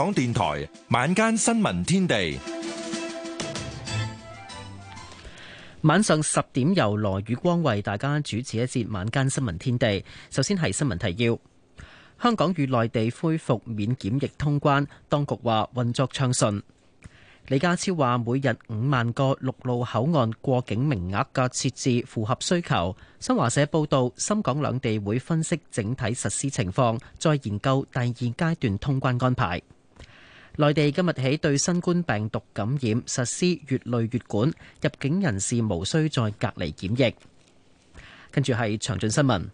港電台晚間新聞天地，晚上十點由羅宇光為大家主持一節晚間新聞天地。首先係新聞提要：香港與內地恢復免檢疫通關，當局話運作暢順。李家超話，每日五萬個陸路口岸過境名額嘅設置符合需求。新華社報道，深港兩地會分析整體實施情況，再研究第二階段通關安排。內地今日起對新冠病毒感染實施乙類乙管，入境人士無需再隔離檢疫。跟住係詳盡新聞，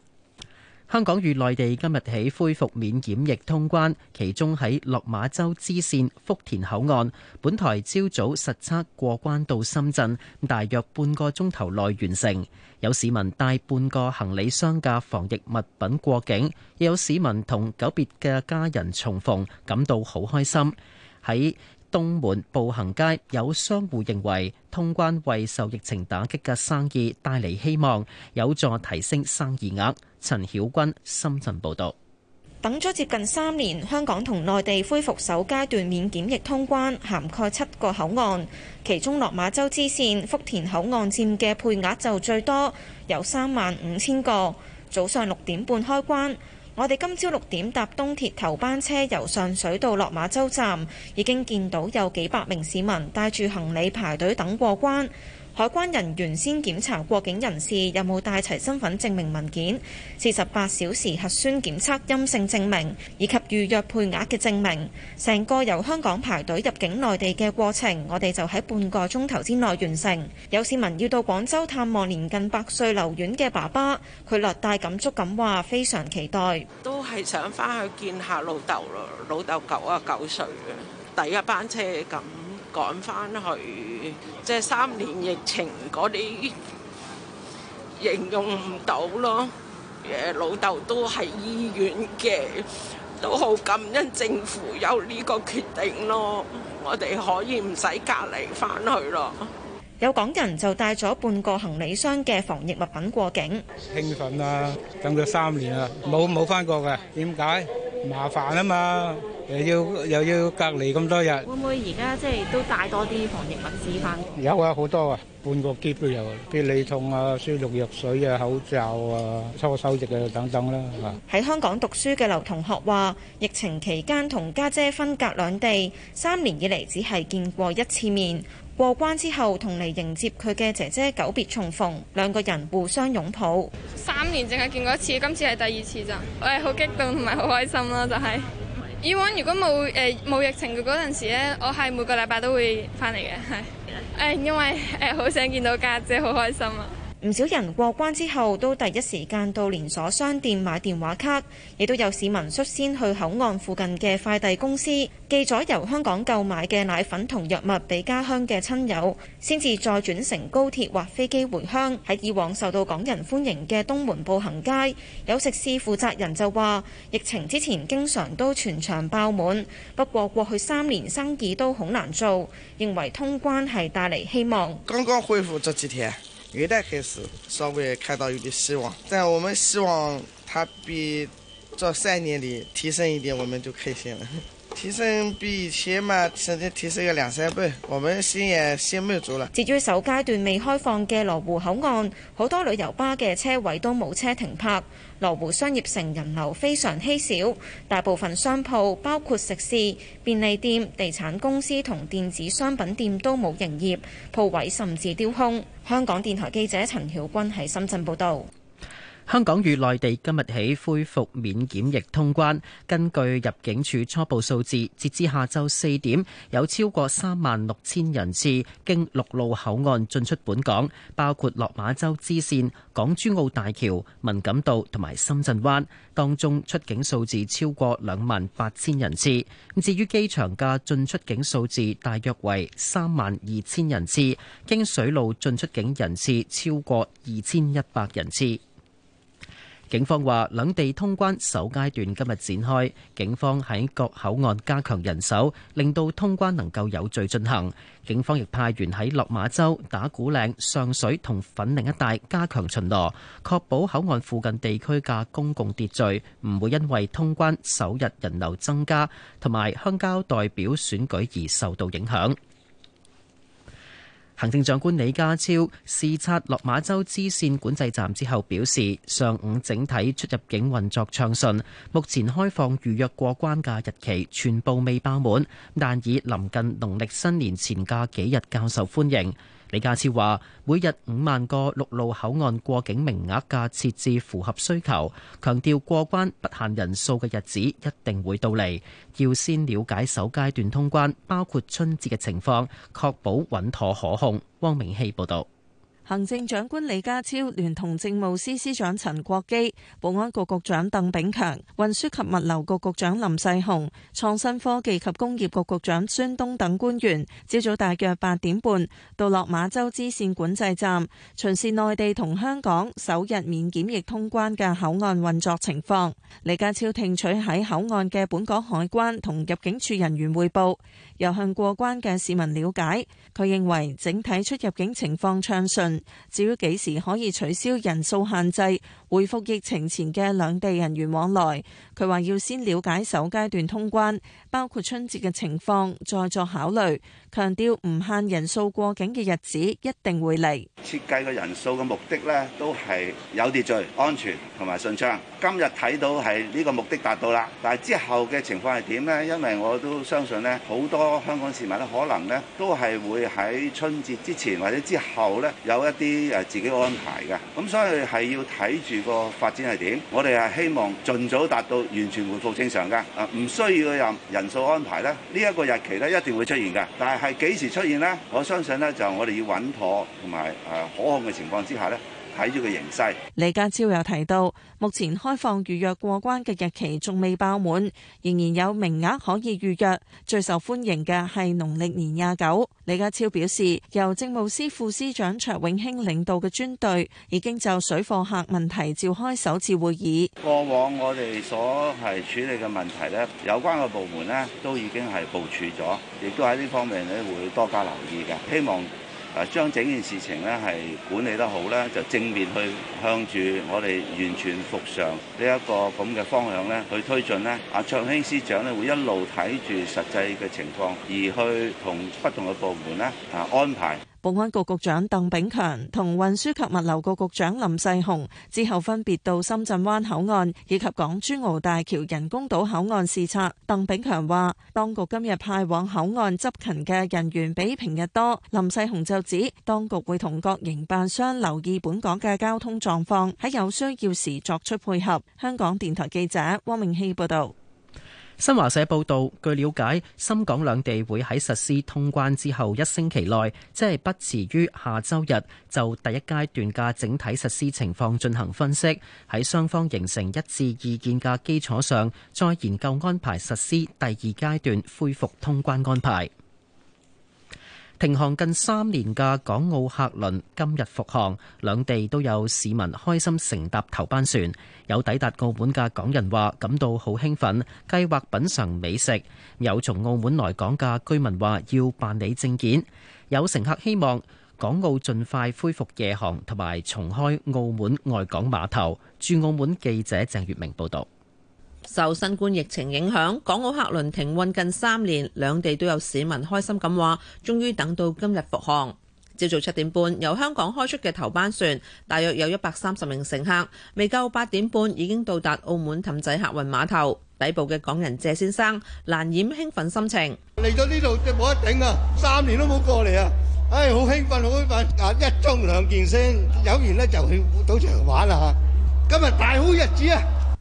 香港與內地今日起恢復免檢疫通關，其中喺落馬洲支線福田口岸，本台朝早實測過關到深圳，大約半個鐘頭內完成。有市民帶半個行李箱嘅防疫物品過境，又有市民同久別嘅家人重逢，感到好開心。喺東門步行街有商戶認為通關為受疫情打擊嘅生意帶嚟希望，有助提升生意額。陳曉君，深圳報導。等咗接近三年，香港同內地恢復首階段免檢疫通關，涵蓋七個口岸，其中落馬洲支線福田口岸佔嘅配額就最多，有三萬五千個。早上六點半開關。我哋今朝六點搭東鐵頭班車由上水到落馬洲站，已經見到有幾百名市民帶住行李排隊等過關。海關人員先檢查過境人士有冇帶齊身份證明文件、四十八小時核酸檢測陰性證明以及預約配額嘅證明。成個由香港排隊入境內地嘅過程，我哋就喺半個鐘頭之內完成。有市民要到廣州探望年近百歲留院嘅爸爸，佢略帶感觸咁話：非常期待，都係想翻去見下老豆咯。老豆九啊九歲嘅，第一班車咁。趕翻去，即係三年疫情嗰啲應用唔到咯。誒，老豆都喺醫院嘅，都好感恩政府有呢個決定咯。我哋可以唔使隔離翻去咯。有港人就帶咗半個行李箱嘅防疫物品過境。興奮啊，等咗三年啊，冇冇翻過嘅，點解？麻煩啊嘛。又要又要隔離咁多日，會唔會而家即係都帶多啲防疫物資翻？有啊，好多啊，半個篋都有，啊，必理痛啊、消毒藥水啊、口罩啊、搓手液啊等等啦，啊。喺香港讀書嘅劉同學話，疫情期間同家姐，姐分隔兩地，三年以嚟只係見過一次面。過關之後，同嚟迎接佢嘅姐姐久別重逢，兩個人互相擁抱。三年淨係見過一次，今次係第二次咋。我係好激動，同埋好開心啦，就係，是。以往如果冇誒冇疫情嘅嗰陣時咧，我係每個禮拜都會翻嚟嘅，係誒 因為誒好、呃、想見到家姐，姐，好開心啊！唔少人過關之後都第一時間到連鎖商店買電話卡，亦都有市民率先去口岸附近嘅快遞公司寄咗由香港購買嘅奶粉同藥物俾家鄉嘅親友，先至再轉乘高鐵或飛機回鄉。喺以往受到港人歡迎嘅東門步行街，有食肆負責人就話疫情之前經常都全場爆滿，不過過去三年生意都好難做，認為通關係帶嚟希望。剛剛恢復這幾天。元旦開始，稍微看到有點希望，但我們希望他比這三年裏提升一點，我們就開心了。 提升比以前嘛，甚至提升個兩三倍，我們心也心滿足啦。至於首階段未開放嘅羅湖口岸，好多旅遊巴嘅車位都冇車停泊，羅湖商業城人流非常稀少，大部分商鋪包括食肆、便利店、地產公司同電子商品店都冇營業，鋪位甚至丟空。香港電台記者陳曉君喺深圳報道。香港與內地今日起恢復免檢疫通關。根據入境處初步數字，截至下晝四點，有超過三萬六千人次經陸路口岸進出本港，包括落馬洲支線、港珠澳大橋、文錦渡同埋深圳灣。當中出境數字超過兩萬八千人次。至於機場嘅進出境數字，大約為三萬二千人次。經水路進出境人次超過二千一百人次。警方話，兩地通關首階段今日展開，警方喺各口岸加強人手，令到通關能夠有序進行。警方亦派員喺落馬洲、打鼓嶺、上水同粉嶺一帶加強巡邏，確保口岸附近地區嘅公共秩序唔會因為通關首日人流增加同埋鄉郊代表選舉而受到影響。行政長官李家超視察落馬洲支線管制站之後表示，上午整體出入境運作暢順，目前開放預約過關嘅日期全部未爆滿，但以臨近農曆新年前假幾日較受歡迎。李家超話：每日五萬個陸路口岸過境名額嘅設置符合需求，強調過關不限人數嘅日子一定會到嚟。要先了解首階段通關，包括春節嘅情況，確保穩妥可控。汪明希報道。行政長官李家超，聯同政務司司長陳國基、保安局局長鄧炳強、運輸及物流局局長林世雄、創新科技及工業局局長孫東等官員，朝早大約八點半到落馬洲支線管制站，巡視內地同香港首日免檢疫通關嘅口岸運作情況。李家超聽取喺口岸嘅本港海關同入境處人員匯報。又向過關嘅市民了解，佢認為整體出入境情況暢順，至於幾時可以取消人數限制，恢復疫情前嘅兩地人員往來，佢話要先了解首階段通關，包括春節嘅情況，再作考慮。強調唔限人數過境嘅日子一定會嚟。設計嘅人數嘅目的咧，都係有秩序、安全同埋順暢。今日睇到係呢個目的達到啦，但係之後嘅情況係點咧？因為我都相信咧，好多香港市民咧，可能咧都係會喺春節之前或者之後咧有一啲誒自己安排嘅，咁所以係要睇住。個發展係點，我哋係希望盡早達到完全回復正常嘅，唔需要任人數安排咧。呢一個日期咧，一定會出現嘅。但係係幾時出現咧？我相信咧，就我哋要穩妥同埋誒可控嘅情況之下咧。睇住個形勢，李家超又提到，目前開放預約過關嘅日期仲未爆滿，仍然有名額可以預約，最受歡迎嘅係農曆年廿九。李家超表示，由政務司副司長卓永興領導嘅專隊已經就水貨客問題召開首次會議，過往我哋所係處理嘅問題咧，有關嘅部門咧都已經係部署咗，亦都喺呢方面咧會多加留意嘅，希望。啊！將整件事情咧係管理得好咧，就正面去向住我哋完全復常，呢一個咁嘅方向咧去推進咧。阿卓興司長咧會一路睇住實際嘅情況，而去同不同嘅部門咧啊安排。保安局局長鄧炳強同運輸及物流局局長林世雄，之後分別到深圳灣口岸以及港珠澳大橋人工島口岸視察。鄧炳強話，當局今日派往口岸執勤嘅人員比平日多。林世雄就指，當局會同各營辦商留意本港嘅交通狀況，喺有需要時作出配合。香港電台記者汪明熙報道。新華社報道，據了解，深港兩地會喺實施通關之後一星期內，即係不遲於下周日，就第一階段嘅整體實施情況進行分析，喺雙方形成一致意見嘅基礎上，再研究安排實施第二階段恢復通關安排。停航近三年嘅港澳客輪今日復航，兩地都有市民開心乘搭頭班船。有抵達澳門嘅港人話感到好興奮，計劃品嘗美食。有從澳門來港嘅居民話要辦理證件。有乘客希望港澳盡快恢復夜航，同埋重開澳門外港碼頭。駐澳門記者鄭月明報道。受新冠疫情影響，港澳客輪停運近三年，兩地都有市民開心咁話，終於等到今日復航。朝早七點半由香港開出嘅頭班船，大約有一百三十名乘客，未夠八點半已經到達澳門氹仔客運碼頭。抵埗嘅港人謝先生難掩興奮心情：嚟到呢度就冇得頂啊，三年都冇過嚟啊！唉、哎，好興奮，好興奮，一盅兩件先，飲完呢就去賭場玩啦吓！今日大好日子啊！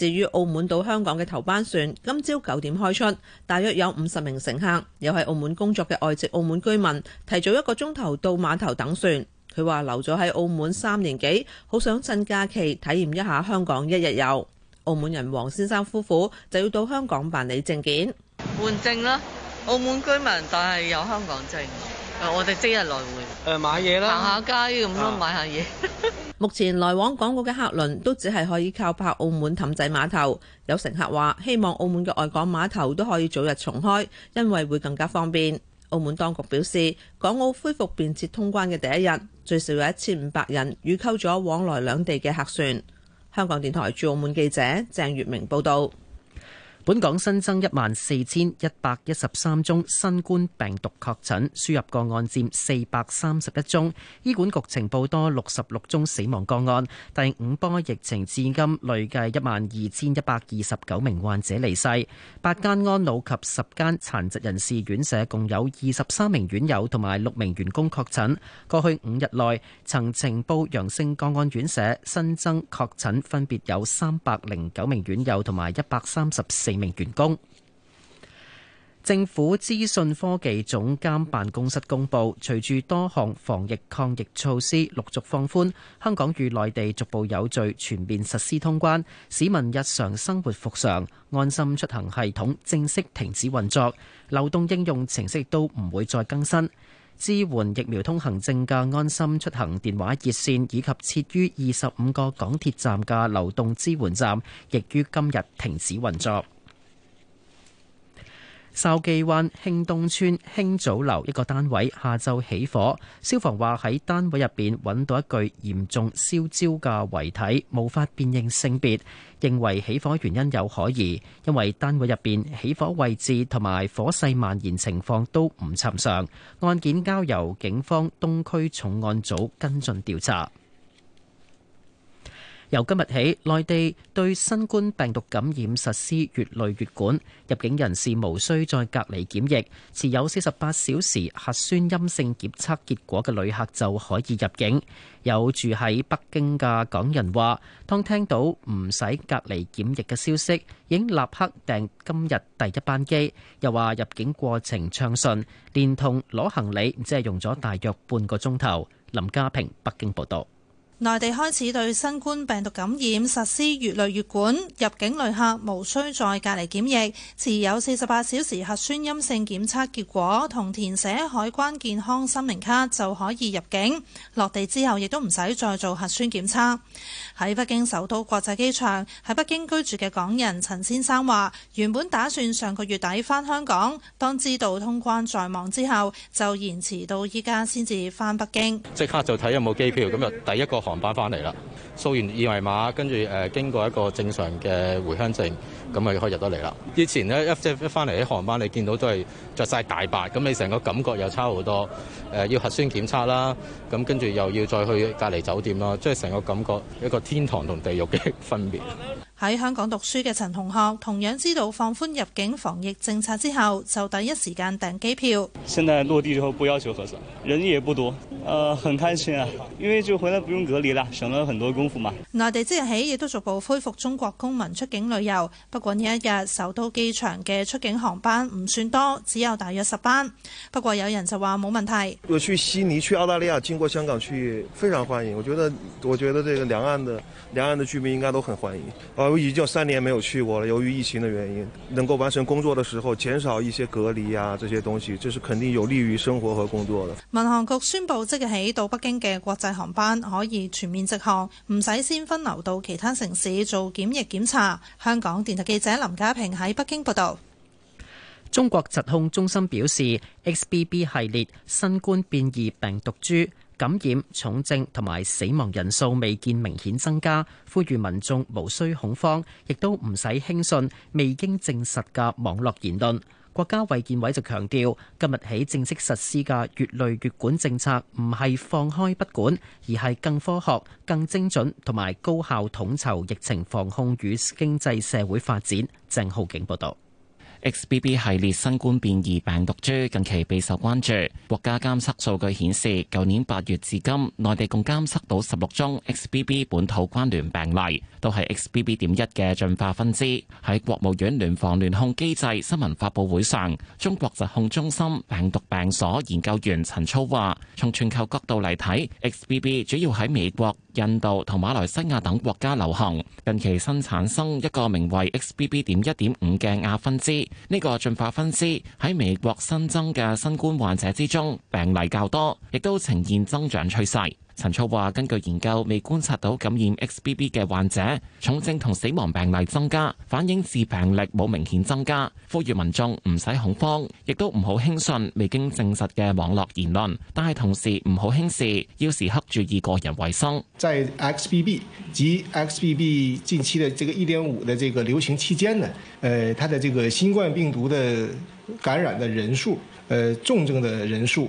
至於澳門到香港嘅頭班船，今朝九點開出，大約有五十名乘客，又係澳門工作嘅外籍澳門居民，提早一個鐘頭到碼頭等船。佢話留咗喺澳門三年幾，好想趁假期體驗一下香港一日遊。澳門人黃先生夫婦就要到香港辦理證件。換證啦。澳門居民但係有香港證。我哋即日來回，誒買嘢啦，行下街咁咯，買下嘢。目前來往港澳嘅客輪都只係可以靠泊澳門氹仔碼頭。有乘客話：希望澳門嘅外港碼頭都可以早日重開，因為會更加方便。澳門當局表示，港澳恢復便捷通關嘅第一日，最少有一千五百人預購咗往來兩地嘅客船。香港電台駐澳門記者鄭月明報道。本港新增一萬四千一百一十三宗新冠病毒確診，輸入個案佔四百三十一宗。醫管局呈報多六十六宗死亡個案。第五波疫情至今累計一萬二千一百二十九名患者離世。八間安老及十間殘疾人士院舍共有二十三名院友同埋六名員工確診。過去五日內曾呈報陽性個案院舍新增確診分別有三百零九名院友同埋一百三十四幾名員工。政府資訊科技總監辦公室公布，隨住多項防疫抗疫措施陸續放寬，香港與內地逐步有序全面實施通關，市民日常生活復常，安心出行系統正式停止運作，流動應用程式都唔會再更新。支援疫苗通行證嘅安心出行電話熱線，以及設於二十五個港鐵站嘅流動支援站，亦於今日停止運作。筲箕灣興東村興祖樓一個單位下晝起火，消防話喺單位入邊揾到一具嚴重燒焦嘅遺體，無法辨認性別，認為起火原因有可疑，因為單位入邊起火位置同埋火勢蔓延情況都唔尋常，案件交由警方東區重案組跟進調查。由今日起，內地對新冠病毒感染實施乙類乙管，入境人士無需再隔離檢疫，持有四十八小時核酸陰性檢測結果嘅旅客就可以入境。有住喺北京嘅港人話：當聽到唔使隔離檢疫嘅消息，已經立刻訂今日第一班機。又話入境過程暢順，連同攞行李只係用咗大約半個鐘頭。林家平北京報道。內地開始對新冠病毒感染實施乙類乙管，入境旅客無需再隔離檢疫，持有四十八小時核酸陰性檢測結果同填寫海關健康聲明卡就可以入境。落地之後亦都唔使再做核酸檢測。喺北京首都國際機場，喺北京居住嘅港人陳先生話：原本打算上個月底返香港，當知道通關在望之後，就延遲到依家先至返北京。即刻就睇有冇機票，咁就第一個。航班翻嚟啦，掃完二維碼，跟住誒、呃、經過一個正常嘅回鄉證，咁咪可以入得嚟啦。以前咧，一即係一翻嚟喺航班，你見到都係着晒大白，咁你成個感覺又差好多。誒、呃、要核酸檢測啦，咁、啊、跟住又要再去隔離酒店咯，即係成個感覺一個天堂同地獄嘅分別。喺香港讀書嘅陳同學同樣知道放寬入境防疫政策之後，就第一時間訂機票。現在落地之後不要求核酸，人也不多，呃，很開心啊，因為就回來不用隔離啦，省了很多功夫嘛。內地即日起亦都逐步恢復中國公民出境旅遊，不過呢一日首都機場嘅出境航班唔算多，只有大約十班。不過有人就話冇問題。我去悉尼去澳大利亞經過香港去，非常歡迎。我覺得，我覺得這個兩岸的兩岸的居民應該都很歡迎，我已經三年沒有去過了，由於疫情的原因，能夠完成工作的時候，減少一些隔離啊，這些東西，這、就是肯定有利於生活和工作的。民航局宣布，即日起到北京嘅國際航班可以全面直航，唔使先分流到其他城市做檢疫檢查。香港電台記者林家平喺北京報道。中國疾控中心表示，XBB 系列新冠變異病毒株。感染、重症同埋死亡人數未見明顯增加，呼籲民眾無需恐慌，亦都唔使輕信未經證實嘅網絡言論。國家衛健委就強調，今日起正式實施嘅乙類乙管政策，唔係放開不管，而係更科學、更精準同埋高效統籌疫情防控與經濟社會發展。鄭浩景報道。XBB 系列新冠變異病毒株近期備受關注。國家監測數據顯示，舊年八月至今，內地共監測到十六宗 XBB 本土關聯病例，都係 XBB 點一嘅進化分支。喺國務院聯防聯控機制新聞發佈會上，中國疾控中心病毒病所研究員陳操話，從全球角度嚟睇，XBB 主要喺美國，印度同馬來西亞等國家流行，近期新產生一個名為 XBB. 點一點五嘅亞分支，呢個進化分支喺美國新增嘅新冠患者之中，病例較多，亦都呈現增長趨勢。陳卓話，根據研究，未觀察到感染 XBB 嘅患者，重症同死亡病例增加，反映致病力冇明顯增加。呼籲民眾唔使恐慌，亦都唔好輕信未經證實嘅網絡言論，但係同時唔好輕視，要時刻注意個人衛生。在 XBB 及 XBB 近期的這個一點五的這個流行期間呢，誒，它的這個新冠病毒的感染的人數，誒，重症的人數。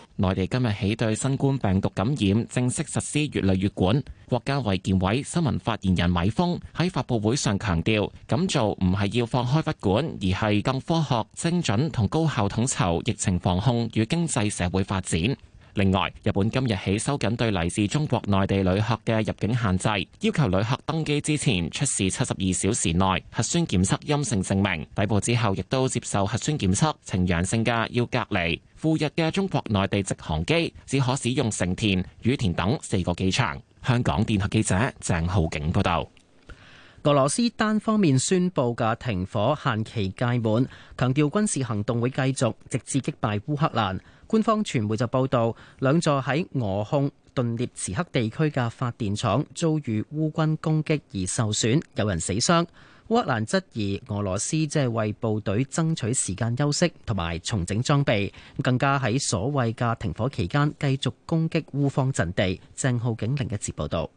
內地今日起對新冠病毒感染正式實施乙類乙管。國家衛健委新聞發言人米鋒喺發佈會上強調，咁做唔係要放開不管，而係更科學、精準同高效統籌疫情防控與經濟社會發展。另外，日本今日起收緊對嚟自中國內地旅客嘅入境限制，要求旅客登機之前出示七十二小時內核酸檢測陰性證明。抵埗之後亦都接受核酸檢測，呈陽性嘅要隔離。赴日嘅中國內地直航機只可使用成田、羽田等四個機場。香港電台記者鄭浩景報道。俄羅斯單方面宣布嘅停火限期屆滿，強調軍事行動會繼續，直至擊敗烏克蘭。官方傳媒就報道，兩座喺俄控頓涅茨克地區嘅發電廠遭遇烏軍攻擊而受損，有人死傷。烏克蘭質疑俄羅斯即係為部隊爭取時間休息同埋重整裝備，更加喺所謂嘅停火期間繼續攻擊烏方陣地。鄭浩景另一節報道。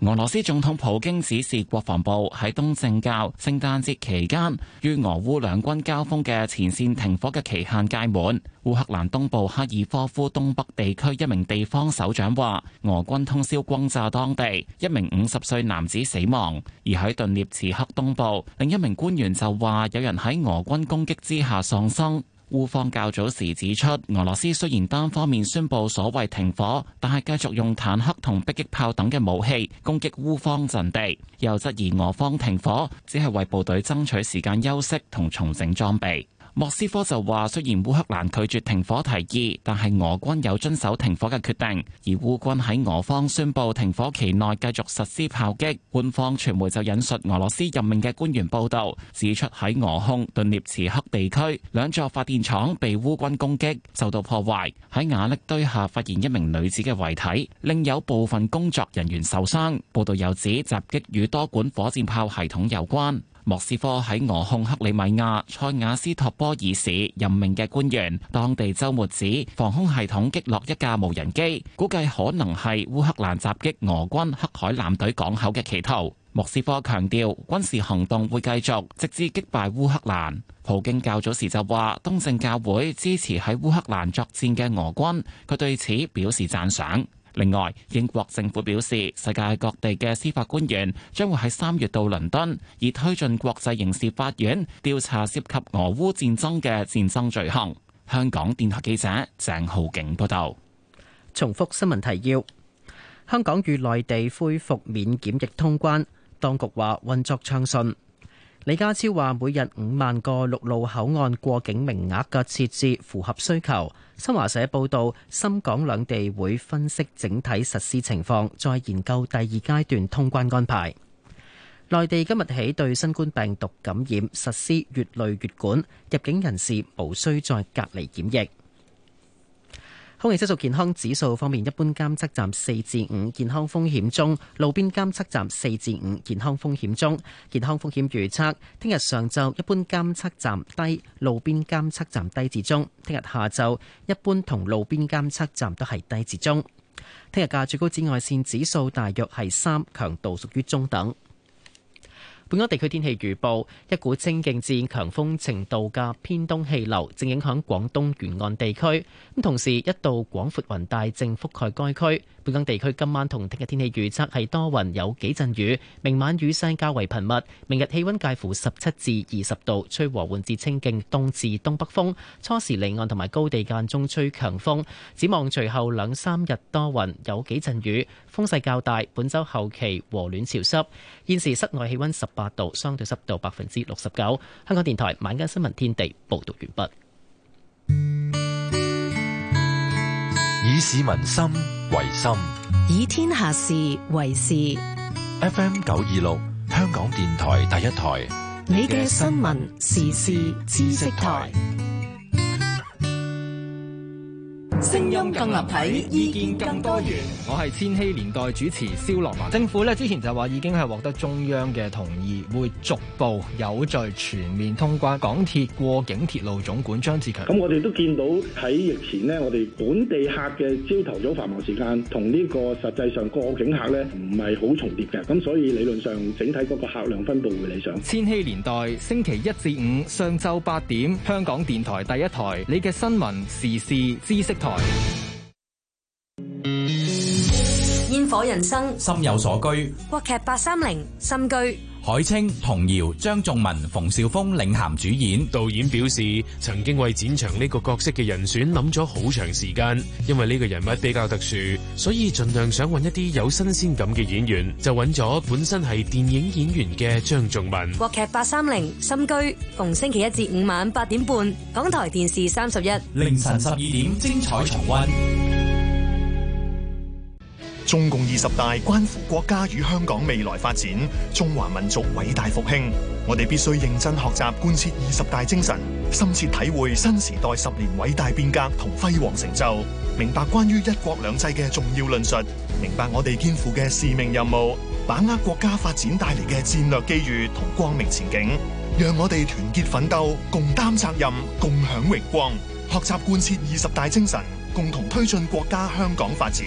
俄羅斯總統普京指示國防部喺東正教聖誕節期間，與俄烏兩軍交鋒嘅前線停火嘅期限屆滿。烏克蘭東部哈爾科夫東北地區一名地方首長話，俄軍通宵轟炸當地，一名五十歲男子死亡。而喺頓涅茨克東部，另一名官員就話有人喺俄軍攻擊之下喪生。烏方較早時指出，俄羅斯雖然單方面宣布所謂停火，但係繼續用坦克同迫擊炮等嘅武器攻擊烏方陣地，又質疑俄方停火只係為部隊爭取時間休息同重整裝備。莫斯科就話，雖然烏克蘭拒絕停火提議，但係俄軍有遵守停火嘅決定。而烏軍喺俄方宣布停火期內繼續實施炮擊。官方傳媒就引述俄羅斯任命嘅官員報道，指出喺俄控頓涅茨克地區兩座發電廠被烏軍攻擊，受到破壞。喺瓦礫堆下發現一名女子嘅遺體，另有部分工作人員受傷。報道又指襲擊與多管火箭炮系統有關。莫斯科喺俄控克里米亞塞瓦斯托波爾市任命嘅官員，當地周末指防空系統擊落一架無人機，估計可能係烏克蘭襲擊俄軍黑海艦隊港口嘅企圖。莫斯科強調軍事行動會繼續，直至擊敗烏克蘭。普京較早時就話東正教會支持喺烏克蘭作戰嘅俄軍，佢對此表示讚賞。另外，英國政府表示，世界各地嘅司法官員將會喺三月到倫敦，以推進國際刑事法院調查涉及俄烏戰爭嘅戰爭罪行。香港電台記者鄭浩景報道。重複新聞提要：香港與內地恢復免檢疫通關，當局話運作暢順。李家超話：每日五萬個陸路口岸過境名額嘅設置符合需求。新華社報道，深港兩地會分析整體實施情況，再研究第二階段通關安排。內地今日起對新冠病毒感染實施乙類乙管，入境人士無需再隔離檢疫。空氣質素健康指數方面，一般監測站四至五，健康風險中；路邊監測站四至五，健康風險中。健康風險預測：聽日上晝一般監測站低，路邊監測站低至中；聽日下晝一般同路邊監測站都係低至中。聽日嘅最高紫外線指數大約係三，強度屬於中等。本港地區天氣預報一股清勁至強風程度嘅偏東氣流正影響廣東沿岸地區，咁同時一道廣闊雲帶正覆蓋該區。本港地區今晚同聽日天氣預測係多雲有幾陣雨，明晚雨勢較為頻密。明日氣温介乎十七至二十度，吹和緩至清勁，東至東北風初時離岸同埋高地間中吹強風，展望隨後兩三日多雲有幾陣雨，風勢較大。本周後期和暖潮濕，現時室外氣温十。八度，相對濕度百分之六十九。香港電台晚間新聞天地報道完畢。以市民心為心，以天下事為事。FM 九二六，香港電台第一台，你嘅新聞時事知識台。聲音更立體，意見更多元。我係千禧年代主持蕭樂文。政府咧之前就話已經係獲得中央嘅同意，會逐步有序全面通關港鐵過境鐵路總管張志強。咁我哋都見到喺疫前呢，我哋本地客嘅朝頭早繁忙時間同呢個實際上過境客咧唔係好重疊嘅，咁所以理論上整體嗰個客量分布會理想。千禧年代星期一至五上晝八點，香港電台第一台，你嘅新聞時事知識台。煙火人生，心有所居。國劇八三零心居。海清、童瑤、張仲文、馮紹峰領銜主演。導演表示，曾經為展翔呢個角色嘅人選諗咗好長時間，因為呢個人物比較特殊，所以盡量想揾一啲有新鮮感嘅演員，就揾咗本身係電影演員嘅張仲文。國劇八三零新居，逢星期一至五晚八點半，港台電視三十一，凌晨十二點精彩重溫。中共二十大關乎國家與香港未來發展，中華民族偉大復興。我哋必須認真學習貫徹二十大精神，深切體會新時代十年偉大變革同輝煌成就，明白關於一國兩制嘅重要論述，明白我哋肩負嘅使命任務，把握國家發展帶嚟嘅戰略機遇同光明前景，讓我哋團結奮鬥，共擔責任，共享榮光，學習貫徹二十大精神，共同推進國家香港發展。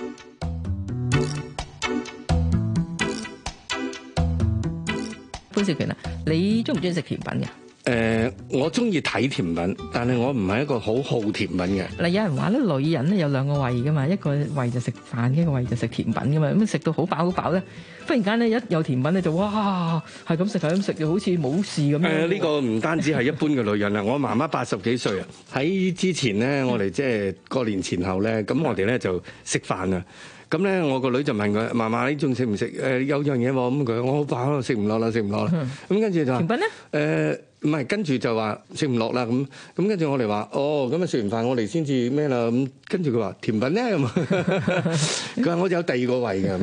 潘少權啊，你中唔中意食甜品嘅？誒、呃，我中意睇甜品，但係我唔係一個好好甜品嘅。嗱、呃，有人話咧，女人咧有兩個胃噶嘛，一個胃就食飯，一個胃就食甜品噶嘛。咁啊，食到好飽好飽咧，忽然間咧一有甜品咧就哇，係咁食係咁食，就好似冇事咁樣。誒、呃、呢、這個唔單止係一般嘅女人啦， 我媽媽八十幾歲啊，喺之前咧，我哋即係過年前後咧，咁 我哋咧就食飯啊。咁咧，我個女就問佢：嫲嫲，你仲食唔食？誒，有樣嘢喎。咁佢，我好飽咯，食唔落啦，食唔落啦。咁跟住就甜品咧，誒，唔係跟住就話食唔落啦。咁咁跟住我哋話，哦，咁啊食完飯我哋先至咩啦？咁跟住佢話甜品咧，佢話我有第二個胃㗎。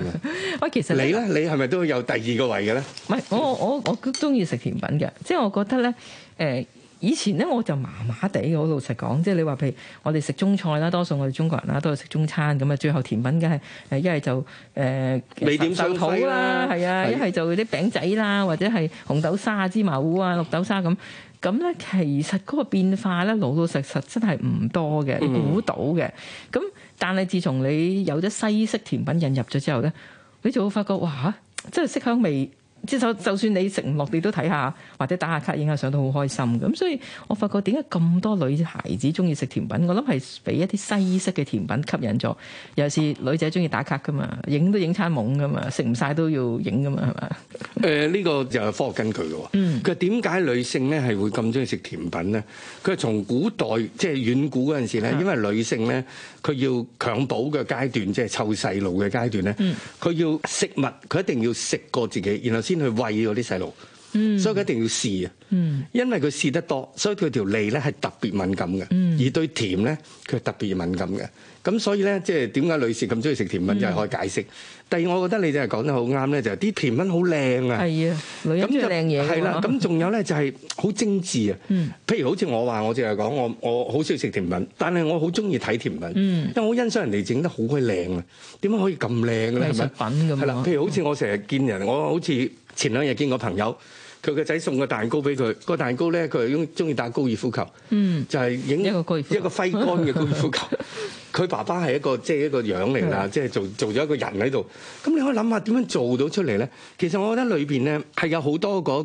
喂，其實你咧，你係咪都有第二個胃嘅咧？唔係，我我我中意食甜品嘅，即係我覺得咧，誒。以前咧我就麻麻地。我老實講，即係你話譬如我哋食中菜啦，多數我哋中國人啦，都係食中餐咁啊，最後甜品梗係誒一係就未點上肚啦，係十啊，一係就啲餅仔啦，或者係紅豆沙、芝麻糊啊、綠豆沙咁。咁咧其實嗰個變化咧老老實實真係唔多嘅，估到嘅。咁、嗯、但係自從你有咗西式甜品引入咗之後咧，你就會發覺哇嚇，真係色香味～即就就算你食唔落，你都睇下或者打下卡影下相都好開心咁。所以，我發覺點解咁多女孩子中意食甜品？我諗係俾一啲西式嘅甜品吸引咗。尤其是女仔中意打卡噶嘛，影都影餐懵噶嘛，食唔晒都要影噶嘛，係嘛？誒、呃，呢、呢個又係科學根據嘅。佢點解女性咧係會咁中意食甜品咧？佢從古代即係、就是、遠古嗰陣時咧，嗯、因為女性咧佢要襁褓嘅階段，即係湊細路嘅階段咧，佢要食物，佢一定要食過自己，然後。先去餵嗰啲細路，所以佢一定要試啊，因為佢試得多，所以佢條脷咧係特別敏感嘅，而對甜咧佢係特別敏感嘅。咁所以咧，即係點解女士咁中意食甜品，就係可以解釋。第二，我覺得你就係講得好啱咧，就係啲甜品好靚啊，咁就靚嘢。係啦，咁仲有咧就係好精緻啊。譬如好似我話，我淨係講我我好少食甜品，但係我好中意睇甜品，因為我欣賞人哋整得好鬼靚啊。點解可以咁靚咧？係咪品咁？係啦，譬如好似我成日見人，我好似。前兩日見過朋友，佢個仔送個蛋糕俾佢，個蛋糕咧佢係中中意打高爾夫球，嗯、就係影一個揮杆嘅高爾夫球。佢 爸爸係一個即係一個樣嚟啦，即係做做咗一個人喺度。咁你可以諗下點樣做到出嚟咧？其實我覺得裏邊咧係有好多個。